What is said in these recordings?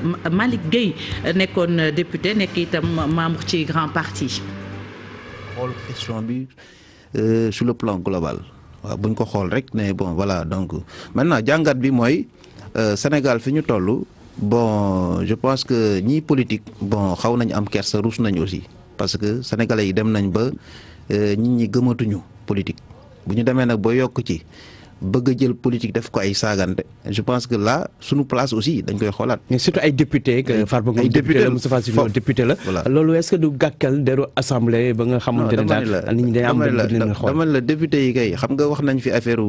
Euh, Malick Gueye euh, nekkoon euh, député nekk itam membre ci grand parti. xool question bi sur le plan global waaw buñ ko xool rek ne bon voilà donc maintenant jàngat bi mooy Sénégal fi ñu toll bon je pense que ñii politique bon xaw nañ am kersa ruus nañu aussi parce que sénégalais yi dem nañ ba nit ñi gëmatuñu politique bu ñu demee nag ba yokk ci. bëgg a jël politique def ko ay saagante je pense que là suñu place aussi dañ koy xoolaat. mais surtout ay député que Farba Ngom député la Moustapha Cissé Lo député la. loolu est-ce que du gàkkal deru assemblée ba nga xamante ne daal nit ñi day am dama la xam nga wax nañ fi affaire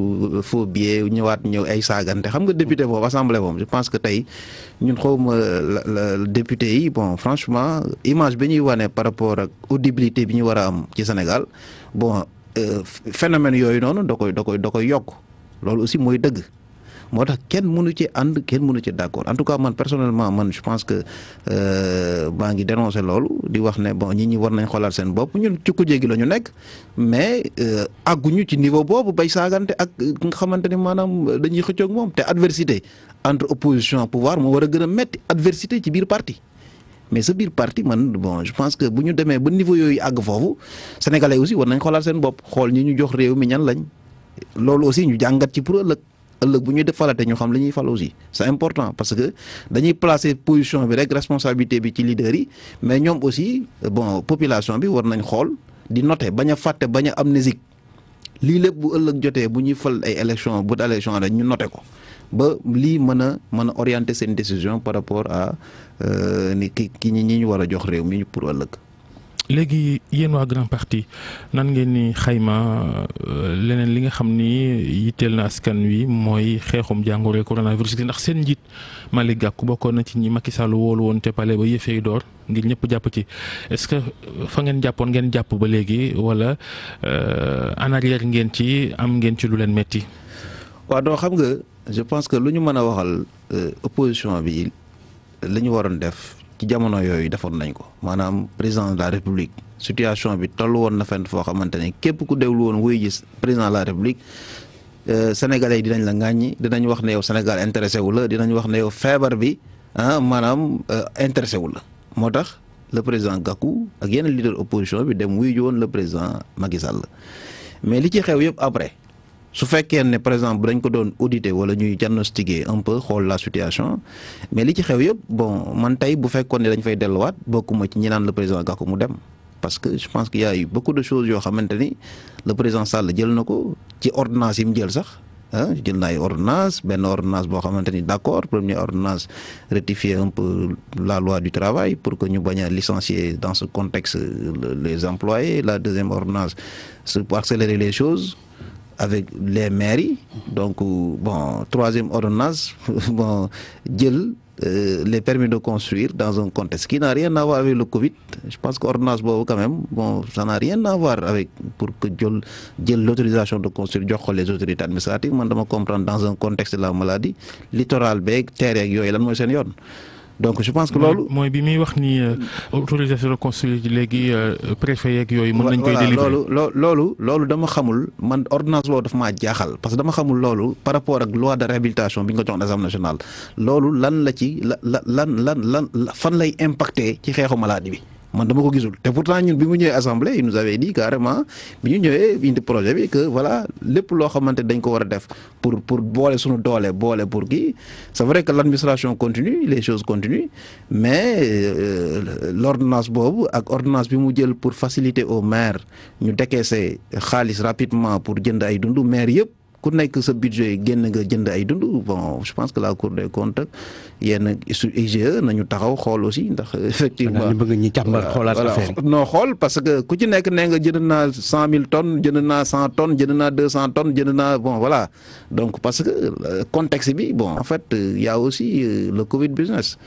faux billet ñëwaat ñëw ay saagante xam nga député boobu assemblée boobu je pense que tey ñun xawma la député yi bon franchement image ba ñuy wane par rapport ak audibilité bi ñu war a am ci Sénégal bon euh, phénomène yooyu noonu da koy da koy da koy yokk. loolu aussi mooy dëgg moo tax kenn mënu ci ànd kenn mënu ci d'accord en tout cas man personnellement man je pense que euh, maa ngi dénoncer loolu di wax ne bon ñi ñi war nañ xoolaat seen bopp ñun ci kujje gi la ñu nekk mais euh, àgguñu ci niveau boobu bay saagante ak euh, nga xamante ni maanaam dañuy xëccoog moom te adversité entre opposition pouvoir moo war a gën a metti ci biir parti mais sa biir parti man bon pense que bu ñu demee ba niveau yooyu àgg foofu sénégalais aussi war nañ xoolaat seen bopp xool ñu ñu jox réew mi ñan lañ loolu aussi ñu jàngat ci pour ëllëg ëllëg bu ñuy def falate ñu xam li ñuy fal aussi c'est important parce que dañuy placer position bi rek responsabilité bi ci leader yi mais ñoom aussi bon population bi war nañ xool di note bañ a fàtte bañ a amnésique lii lépp bu ëllëg jotee bu ñuy fal ay élection bu élection la ñu note ko ba lii mën a mën a orienter seen décision par rapport à euh, ni ki ki ñi ñu war a jox réew mi pour ëllëg. léegi yéen waa grand parti nan ngeen ni xayma euh, leneen li nga xam ni yitteel na askan wi mooy xeexum jàngoro coronavirus gi ndax seen njiit Malick Gakou bokkoon na ci ñi Macky Sall woon te pale ba yëfee door ngir ñëpp jàpp ci est-ce que fa ngeen jàppoon ngeen jàpp ba léegi wala euh, en arrière ngeen ci am ngeen ci lu leen metti waaw doo xam nga je pense que lu ñu mën a waxal euh, opposition bi lañu waroon def ci jamono yooyu defoon nañ ko maanaam président la république situation bi toll woon na fenn foo xamante ne képp ku déglu woon wuy gis président de la république euh, sénégalais yi dinañ la ŋàññi dinañ wax ne yow Sénégal intéressé wu la dinañ wax ne yow feebar bi ah maanaam euh, intéressé wu la moo tax le président Gakou ak yenn leader opposition bi dem wuy ji woon la président Macky la mais li ci xew yëpp après. su fekkee ne par exemple dañ ko doon auditer wala ñuy diagnostiquer un peu xool la situation mais li ci xew yëpp bon man tey bu fekkoon ne dañ fay delluwaat bokkuma ci ñi naan le président Gakou mu dem. parce que je pense qu'il y a eu beaucoup de choses yoo xamante ni président Sall jël na ko ci ordonnance yi mu jël sax ah jël na ay benn ordonnance boo xamante ni d'accord première ordonnance rectifier un peu la loi du travail pour que ñu bañ a licencier dans ce contexte les employés la deuxième ordonnance c'est les choses. avec les mairies donc bon troisième ordonnance bon jël euh, les permis de construire dans un contexte qui n'a rien à voir avec le Covid je pense que ordonnance boobu quand même bon ça n'a rien à avec pour que jël jël l'autorisation de construire jox ko les autorités administratives man dama comprendre dans un contexte de la maladie littoral beeg terre yeeg yooyu lan mooy seen yoon donc je pense que loolu. mooy bi muy wax ni euh, autorisation de construire léegi euh, préfet yeeg yooyu. mën nañ koy délivrer loolu loolu loolu dama xamul man ordonnance loolu daf maa jaaxal parce que dama xamul loolu par rapport ak loi de réhabilitation bi nga jox assemblée nationale loolu lan la ci la lan lan lan fan lay impacter ci xeexu maladie bi. man dama ko gisul te pourtant ñun bi mu ñëwee assemblée il nous avait dit carrément bi ñu ñëwee indi projet bi que voilà lépp loo xamante dañ ko war a def pour pour boole suñu doolee boole pour kii c'est vrai que l'administration continue les choses continuent mais euh, l'ordonnance boobu ak ordonnance bi mu jël pour faciliter au maire ñu se xaalis rapidement pour jënd ay dundu maire yëpp. ku nekk sa budget génn nga jënd ay dund bon je pense que la cour des comptes yenn IGE nañu taxaw xool aussi ndax effectivement ñu bëgg ñi càmbar xoolaat affaire non xool parce que ku ci nekk nee nga jënd naa cent mille tonnes jënd naa cent tonnes jënd naa deux cent tonnes jënd naa bon voilà donc parce que euh, contexte bi bon en fait euh, yaa a aussi euh, le Covid business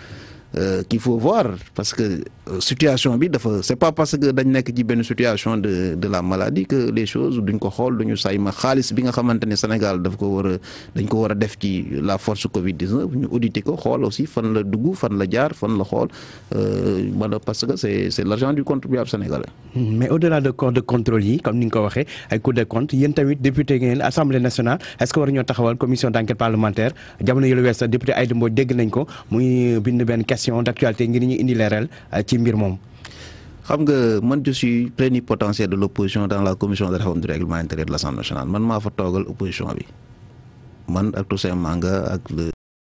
Euh, qu'il faut voir parce que euh, situation bi dafa c'est pas parce que dañ nekk ci benn situation de de la maladie que les choses duñ ko xool duñu sayma xaalis bi nga xamante ne Sénégal daf ko war a dañ ko war a def ci la force Covid 19 ñu auditer ko xool aussi fan la dugg fan la jaar fan la xool euh, wala parce que c'est l'argent du contribuable sénégalais. mais au-delà de de contrôle yi comme ni ko waxee ay Cour des comptes yéen tamit député assemblée nationale information ni ngir ñu indi leeral euh, ci mbir moom. xam nga man je suis plénipotentiaire de l'opposition dans la commission de réforme du règlement intérieur de l'Assemblée nationale man maa fa toogal opposition bi man ak Toussaint Manga ak le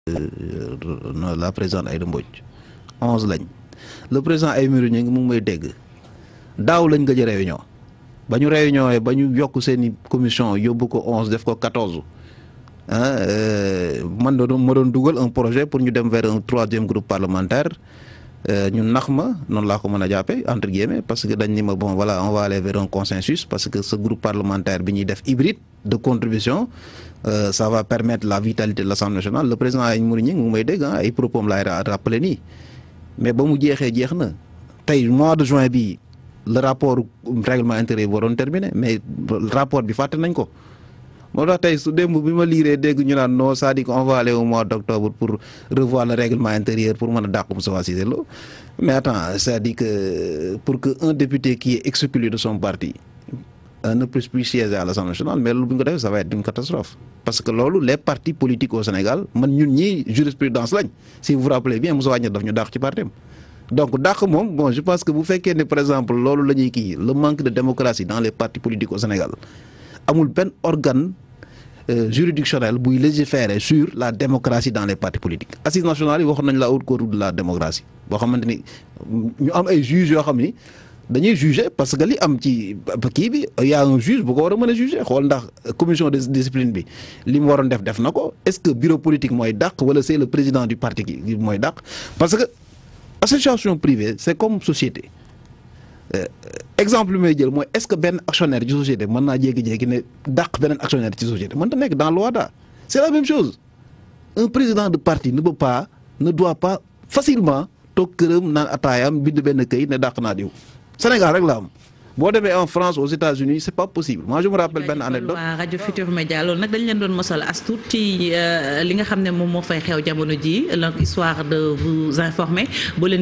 euh, la présidente Aïda Mbodj onze lañ le président Aymérou Gningue mu ngi may dégg daaw lañ gëj a réunion ba ñu réunion ba ñu yokk seen i commission yóbbu ko onze def ko quatorze ah man doon ma doon dugal un projet pour ñu dem vers un troisième groupe parlementaire euh, ñu nax ma noon laa ko mën a jàppe entre guillemets parce que dañ ni ma bon voilà on va aller parce que ce groupe bi ñuy def hybride de contribution euh, ça va la vitalité de l'Assemblée le président Aly Ngouille Ndiaye mu may dégg ay propos mais ba mu jeexee jeex na tey mois de juin bi le rapport règlement intérieur bi waroon terminé mais rapport bi fàtte nañ ko moo tax tey su démb bi ma liiree dégg ñu naan non c'est-à-dire qu'on va aller au mois d'octobre pour revoir le règlement intérieur pour mën a dàq Moustapha Cissé Lo mais attends c'est-à-dire que pour que un député qui est exclu de son parti euh, ne puisse plus siéger à l'Assemblée nationale mais loolu bu ñu ko defee ça va être une catastrophe parce que loolu les partis politiques au Sénégal man ñun ñii jurisprudence lañ si vous vous rappelez bien Moustapha Niasse daf ñu dàq ci partim donc dàq moom bon je pense que bu fekkee ne par exemple loolu la ñuy kii le manque de démocratie dans les partis politiques au Sénégal amul benn organe Euh, juridictionnelle buy légiférer sur la démocratie dans les partis politiques assise nationale yi waxoon nañ la haute cour de la démocratie boo xamante ni ñu am ay juges yoo xam ni dañuy juger parce que li am ci kii bi y a un juge bu ko war a mën a juger xool ndax commission de discipline bi li mu waroon def def na ko est-ce que bureau politique mooy dàq wala c'est le président du parti ki mooy dàq parce que association privée c'est comme société Euh, exemple bi may jël mooy est-ce que benn actionnaire ci société mën naa jéggi-jéggi ne dàq beneen actionnaire ci société mën ta nekk dans l'OHADA c'est la même chose un président de parti ne peut pas ne doit pas facilement toog këram naan ataayam bind benn këy ne dàq naa diw Sénégal rek la boo demee en France aux États-Unis c'est pas possible moi je me benn anecdote waaw nag dañ leen doon mosal as euh, li nga xam ne moom moo fay xew jamono ji donc histoire de